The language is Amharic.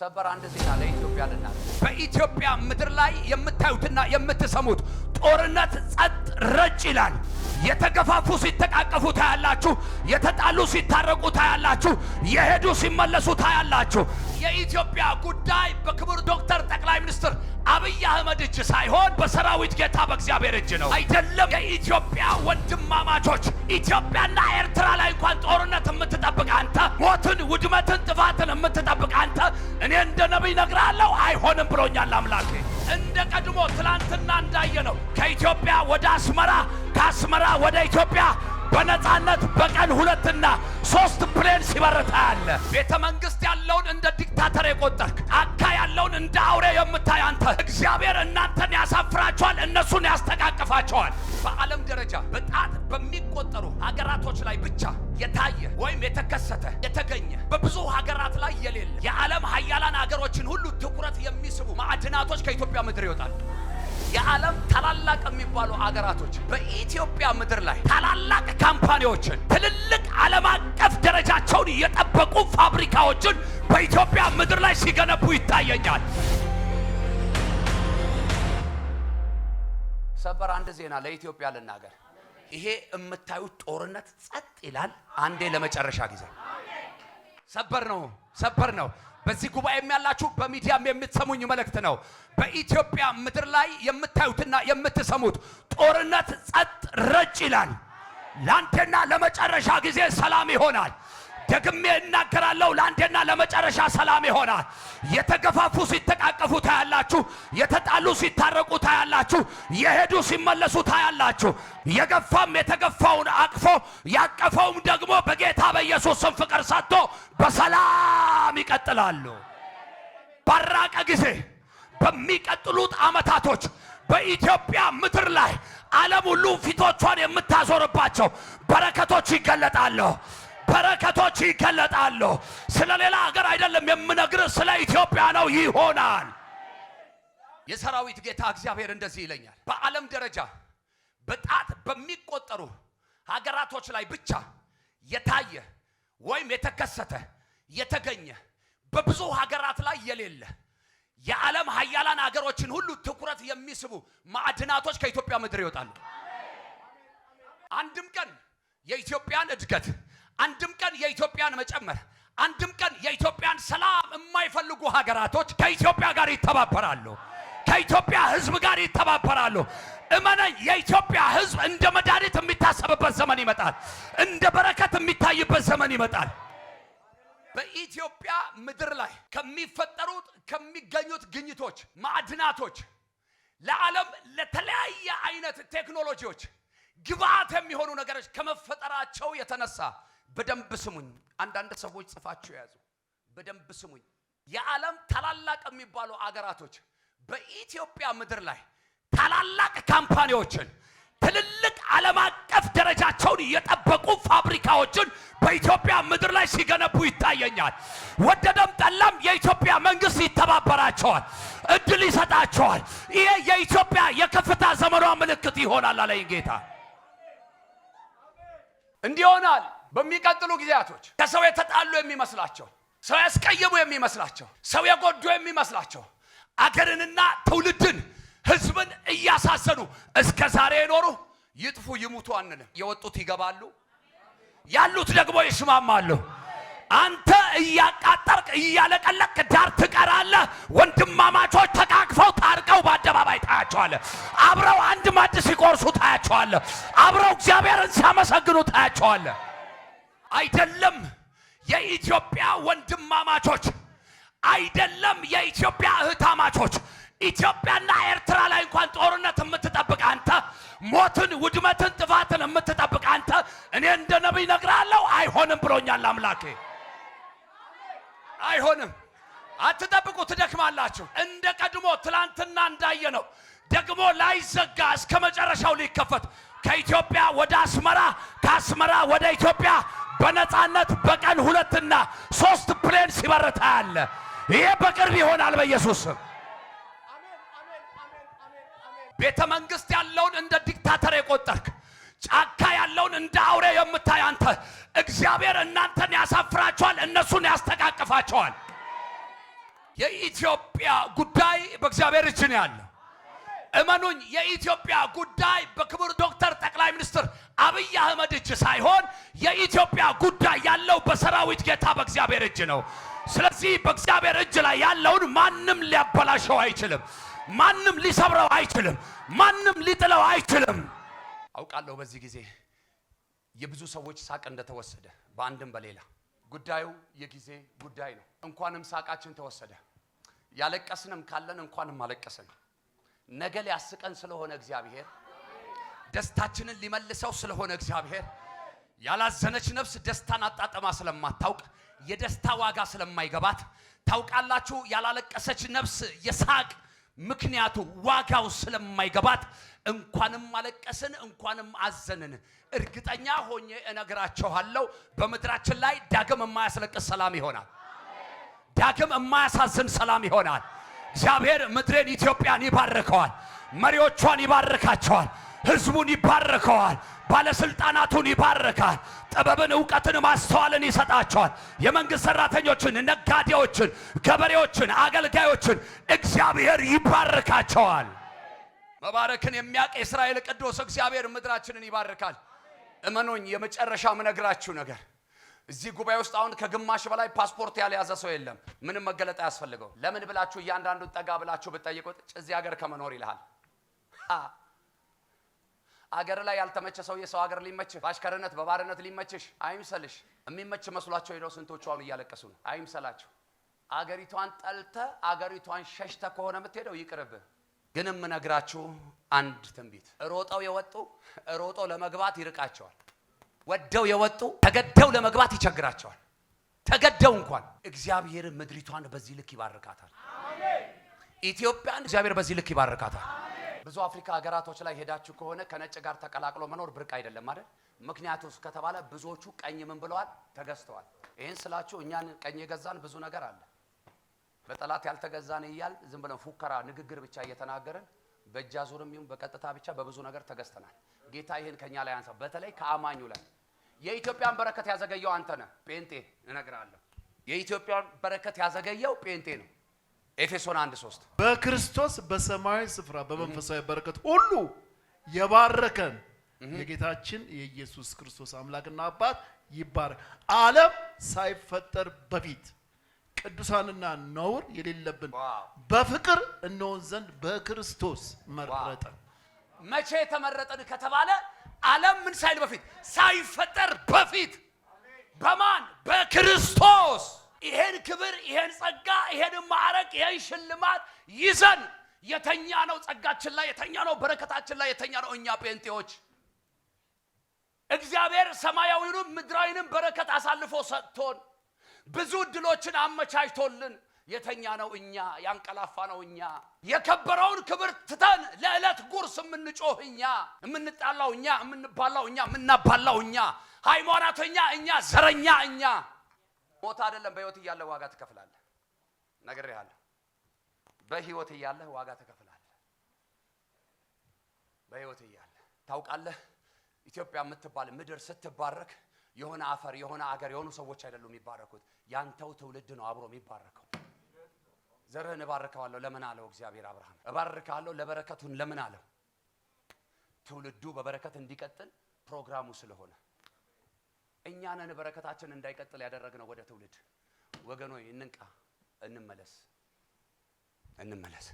ሰበር አንድ ዜና ለኢትዮጵያ ልናል። በኢትዮጵያ ምድር ላይ የምታዩትና የምትሰሙት ጦርነት ጸጥ ረጭ ይላል። የተገፋፉ ሲተቃቀፉ ታያላችሁ። የተጣሉ ሲታረቁ ታያላችሁ። የሄዱ ሲመለሱ ታያላችሁ። የኢትዮጵያ ጉዳይ በክቡር ዶክተር ጠቅላይ አህመድ እጅ ሳይሆን በሰራዊት ጌታ በእግዚአብሔር እጅ ነው። አይደለም የኢትዮጵያ ወንድማማቾች ኢትዮጵያና ኤርትራ ላይ እንኳን ጦርነት የምትጠብቅ አንተ፣ ሞትን፣ ውድመትን፣ ጥፋትን የምትጠብቅ አንተ እኔ እንደ ነቢይ ነግራለሁ አይሆንም ብሎኛል አምላኬ። እንደ ቀድሞ ትላንትና እንዳየ ነው ከኢትዮጵያ ወደ አስመራ ከአስመራ ወደ ኢትዮጵያ በነፃነት በቀን ሁለትና ሶስት ፕሌን ሲበረታል። ቤተ መንግስት ያለውን እንደ ዲክታተር የቆጠርክ አካ ያለውን እንደ አውሬ የምታይ አንተ እግዚአብሔር እናንተን ያሳፍራቸዋል፣ እነሱን ያስተቃቅፋቸዋል። በዓለም ደረጃ በጣት በሚቆጠሩ ሀገራቶች ላይ ብቻ የታየ ወይም የተከሰተ የተገኘ በብዙ ሀገራት ላይ የሌለ የዓለም ሀያላን ሀገሮችን ሁሉ ትኩረት የሚስቡ ማዕድናቶች ከኢትዮጵያ ምድር ይወጣል። የዓለም ታላላቅ የሚባሉ አገራቶች በኢትዮጵያ ምድር ላይ ታላላቅ ካምፓኒዎችን ትልልቅ ዓለም አቀፍ ደረጃቸውን የጠበቁ ፋብሪካዎችን በኢትዮጵያ ምድር ላይ ሲገነቡ ይታየኛል። ሰበር አንድ ዜና ለኢትዮጵያ ልናገር። ይሄ የምታዩት ጦርነት ጸጥ ይላል። አንዴ ለመጨረሻ ጊዜ ሰበር ነው፣ ሰበር ነው። በዚህ ጉባኤም ያላችሁ በሚዲያም የምትሰሙኝ መልእክት ነው። በኢትዮጵያ ምድር ላይ የምታዩትና የምትሰሙት ጦርነት ጸጥ ረጭ ይላል። ለአንቴና ለመጨረሻ ጊዜ ሰላም ይሆናል። ደግሜ እናገራለሁ። ለአንዴና ለመጨረሻ ሰላም ይሆናል። የተገፋፉ ሲተቃቀፉ ታያላችሁ። የተጣሉ ሲታረቁ ታያላችሁ። የሄዱ ሲመለሱ ታያላችሁ። የገፋም የተገፋውን አቅፎ ያቀፈውም ደግሞ በጌታ በኢየሱስ ስም ፍቅር ሰጥቶ በሰላም ይቀጥላሉ። ባራቀ ጊዜ በሚቀጥሉት ዓመታቶች በኢትዮጵያ ምድር ላይ ዓለም ሁሉ ፊቶቿን የምታዞርባቸው በረከቶች ይገለጣሉ። በረከቶች ይገለጣሉ። ስለ ሌላ ሀገር አይደለም የምነግር፣ ስለ ኢትዮጵያ ነው ይሆናል። የሰራዊት ጌታ እግዚአብሔር እንደዚህ ይለኛል። በዓለም ደረጃ በጣት በሚቆጠሩ ሀገራቶች ላይ ብቻ የታየ ወይም የተከሰተ የተገኘ በብዙ ሀገራት ላይ የሌለ የዓለም ሀያላን ሀገሮችን ሁሉ ትኩረት የሚስቡ ማዕድናቶች ከኢትዮጵያ ምድር ይወጣሉ። አንድም ቀን የኢትዮጵያን እድገት አንድም ቀን የኢትዮጵያን መጨመር አንድም ቀን የኢትዮጵያን ሰላም የማይፈልጉ ሀገራቶች ከኢትዮጵያ ጋር ይተባበራሉ፣ ከኢትዮጵያ ሕዝብ ጋር ይተባበራሉ። እመነኝ፣ የኢትዮጵያ ሕዝብ እንደ መድኃኒት የሚታሰብበት ዘመን ይመጣል፣ እንደ በረከት የሚታይበት ዘመን ይመጣል። በኢትዮጵያ ምድር ላይ ከሚፈጠሩት ከሚገኙት ግኝቶች፣ ማዕድናቶች ለዓለም ለተለያየ አይነት ቴክኖሎጂዎች ግብዓት የሚሆኑ ነገሮች ከመፈጠራቸው የተነሳ በደንብ ስሙኝ። አንዳንድ ሰዎች ጽፋችሁ ያዙ። በደንብ ስሙኝ። የዓለም ታላላቅ የሚባሉ አገራቶች በኢትዮጵያ ምድር ላይ ታላላቅ ካምፓኒዎችን ትልልቅ ዓለም አቀፍ ደረጃቸውን የጠበቁ ፋብሪካዎችን በኢትዮጵያ ምድር ላይ ሲገነቡ ይታየኛል። ወደደም ጠላም የኢትዮጵያ መንግስት ይተባበራቸዋል፣ እድል ይሰጣቸዋል። ይሄ የኢትዮጵያ የከፍታ ዘመኗ ምልክት ይሆናል አለኝ ጌታ። እንዲህ ይሆናል። በሚቀጥሉ ጊዜያቶች ከሰው የተጣሉ የሚመስላቸው፣ ሰው ያስቀየሙ የሚመስላቸው፣ ሰው የጎዱ የሚመስላቸው አገርንና ትውልድን ህዝብን እያሳዘኑ እስከ ዛሬ የኖሩ ይጥፉ ይሙቱ አንልም። የወጡት ይገባሉ፣ ያሉት ደግሞ ይስማማሉ። አንተ እያቃጠርክ እያለቀለክ ዳር ትቀራለህ። ወንድማማቾች ተቃቅፈው ታርቀው በአደባባይ ታያቸዋለህ። አብረው አንድ ማድ ሲቆርሱ ታያቸዋለህ። አብረው እግዚአብሔርን ሲያመሰግኑ ታያቸዋለህ። አይደለም የኢትዮጵያ ወንድማማቾች አይደለም የኢትዮጵያ እህታማቾች ኢትዮጵያና ኤርትራ ላይ እንኳን ጦርነት የምትጠብቅ አንተ፣ ሞትን፣ ውድመትን፣ ጥፋትን የምትጠብቅ አንተ፣ እኔ እንደ ነቢይ ነግራለሁ፣ አይሆንም ብሎኛል አምላኬ። አይሆንም። አትጠብቁ፣ ትደክማላችሁ። እንደ ቀድሞ ትላንትና እንዳየ ነው ደግሞ ላይዘጋ እስከ መጨረሻው ሊከፈት ከኢትዮጵያ ወደ አስመራ ከአስመራ ወደ ኢትዮጵያ በነፃነት በቀን ሁለትና ሶስት ፕሌን ሲበር ይሄ በቅርብ ይሆናል በኢየሱስ ቤተ መንግሥት ያለውን እንደ ዲክታተር የቆጠርክ ጫካ ያለውን እንደ አውሬ የምታይ አንተ እግዚአብሔር እናንተን ያሳፍራቸዋል፣ እነሱን ያስተቃቅፋቸዋል። የኢትዮጵያ ጉዳይ በእግዚአብሔር እጅ ነው ያለ። እመኑኝ፣ የኢትዮጵያ ጉዳይ በክቡር ዶክተር ጠቅላይ ሚኒስትር አብይ አህመድ እጅ ሳይሆን የኢትዮጵያ ጉዳይ ያለው በሰራዊት ጌታ በእግዚአብሔር እጅ ነው። ስለዚህ በእግዚአብሔር እጅ ላይ ያለውን ማንም ሊያበላሸው አይችልም። ማንም ሊሰብረው አይችልም። ማንም ሊጥለው አይችልም። አውቃለሁ በዚህ ጊዜ የብዙ ሰዎች ሳቅ እንደተወሰደ በአንድም በሌላ ጉዳዩ የጊዜ ጉዳይ ነው። እንኳንም ሳቃችን ተወሰደ። ያለቀስንም ካለን እንኳንም አለቀስን። ነገ ሊያስቀን ስለሆነ እግዚአብሔር ደስታችንን ሊመልሰው ስለሆነ እግዚአብሔር ያላዘነች ነፍስ ደስታን አጣጠማ ስለማታውቅ የደስታ ዋጋ ስለማይገባት ታውቃላችሁ። ያላለቀሰች ነፍስ የሳቅ ምክንያቱ ዋጋው ስለማይገባት እንኳንም አለቀስን እንኳንም አዘንን። እርግጠኛ ሆኜ እነግራችኋለሁ በምድራችን ላይ ዳግም የማያስለቅስ ሰላም ይሆናል። ዳግም የማያሳዝን ሰላም ይሆናል። እግዚአብሔር ምድሬን ኢትዮጵያን ይባርከዋል። መሪዎቿን ይባርካቸዋል። ህዝቡን ይባረከዋል። ባለስልጣናቱን ይባርካል። ጥበብን፣ እውቀትን፣ ማስተዋልን ይሰጣቸዋል። የመንግስት ሰራተኞችን፣ ነጋዴዎችን፣ ገበሬዎችን፣ አገልጋዮችን እግዚአብሔር ይባርካቸዋል። መባረክን የሚያውቅ የእስራኤል ቅዱስ እግዚአብሔር ምድራችንን ይባርካል። እመኖኝ፣ የመጨረሻ ምነግራችሁ ነገር እዚህ ጉባኤ ውስጥ አሁን ከግማሽ በላይ ፓስፖርት ያልያዘ ሰው የለም። ምንም መገለጥ አያስፈልገው። ለምን ብላችሁ እያንዳንዱን ጠጋ ብላችሁ ብትጠይቁት እዚህ ሀገር ከመኖር ይልሃል አገር ላይ ያልተመቸ ሰው የሰው ሀገር ሊመችህ፣ በአሽከርነት በባርነት ሊመችሽ አይምሰልሽ። የሚመች መስሏቸው ሄደው ስንቶቹ አሁን እያለቀሱ ነው። አይምሰላቸው። አገሪቷን ጠልተ አገሪቷን ሸሽተ ከሆነ የምትሄደው ይቅርብህ። ግን የምነግራችሁ አንድ ትንቢት፣ ሮጠው የወጡ ሮጠው ለመግባት ይርቃቸዋል። ወደው የወጡ ተገደው ለመግባት ይቸግራቸዋል። ተገደው እንኳን እግዚአብሔር ምድሪቷን በዚህ ልክ ይባርካታል። ኢትዮጵያን እግዚአብሔር በዚህ ልክ ይባርካታል። ብዙ አፍሪካ ሀገራቶች ላይ ሄዳችሁ ከሆነ ከነጭ ጋር ተቀላቅሎ መኖር ብርቅ አይደለም አይደል? ምክንያቱስ ከተባለ ብዙዎቹ ቀኝ ምን ብለዋል? ተገዝተዋል። ይህን ስላችሁ እኛን ቀኝ የገዛን ብዙ ነገር አለ። በጠላት ያልተገዛን እያል ዝም ብለን ፉከራ ንግግር ብቻ እየተናገርን በእጅ አዙርም ይሁን በቀጥታ ብቻ በብዙ ነገር ተገዝተናል። ጌታ ይህን ከኛ ላይ አንሳ፣ በተለይ ከአማኙ ላይ የኢትዮጵያን በረከት ያዘገየው አንተ ነህ ጴንጤ። እነግራለሁ የኢትዮጵያን በረከት ያዘገየው ጴንጤ ነው። ኤፌሶን 1:3 በክርስቶስ በሰማያዊ ስፍራ በመንፈሳዊ በረከት ሁሉ የባረከን የጌታችን የኢየሱስ ክርስቶስ አምላክና አባት ይባረክ። ዓለም ሳይፈጠር በፊት ቅዱሳንና ነውር የሌለብን በፍቅር እንሆን ዘንድ በክርስቶስ መረጠን። መቼ ተመረጠን ከተባለ ዓለም ምን ሳይል በፊት ሳይፈጠር በፊት በማን በክርስቶስ ይሄን ክብር፣ ይሄን ጸጋ፣ ይሄን ማዕረግ፣ ይሄን ሽልማት ይዘን የተኛ ነው። ጸጋችን ላይ የተኛ ነው። በረከታችን ላይ የተኛ ነው። እኛ ጴንጤዎች እግዚአብሔር ሰማያዊንም ምድራዊንም በረከት አሳልፎ ሰጥቶን ብዙ እድሎችን አመቻችቶልን የተኛ ነው እኛ፣ ያንቀላፋ ነው እኛ፣ የከበረውን ክብር ትተን ለዕለት ጉርስ የምንጮህ እኛ፣ የምንጣላው እኛ፣ የምንባላው እኛ፣ የምናባላው እኛ፣ ሃይማኖተኛ እኛ፣ ዘረኛ እኛ ሞታ አይደለም። በህይወት እያለ ዋጋ ትከፍላለህ። ነግሬሃለሁ። በህይወት እያለህ ዋጋ ትከፍላለህ። በህይወት እያለህ ታውቃለህ። ኢትዮጵያ የምትባል ምድር ስትባረክ የሆነ አፈር፣ የሆነ አገር፣ የሆኑ ሰዎች አይደሉም የሚባረኩት፣ ያንተው ትውልድ ነው አብሮ የሚባረከው። ዘርህን እባርከዋለሁ ለምን አለው እግዚአብሔር? አብርሃም እባርካለሁ ለበረከቱን ለምን አለው? ትውልዱ በበረከት እንዲቀጥል ፕሮግራሙ ስለሆነ እኛንን በረከታችን እንዳይቀጥል ያደረግነው ወደ ትውልድ ወገኖ እንንቃ፣ እንመለስ፣ እንመለስ።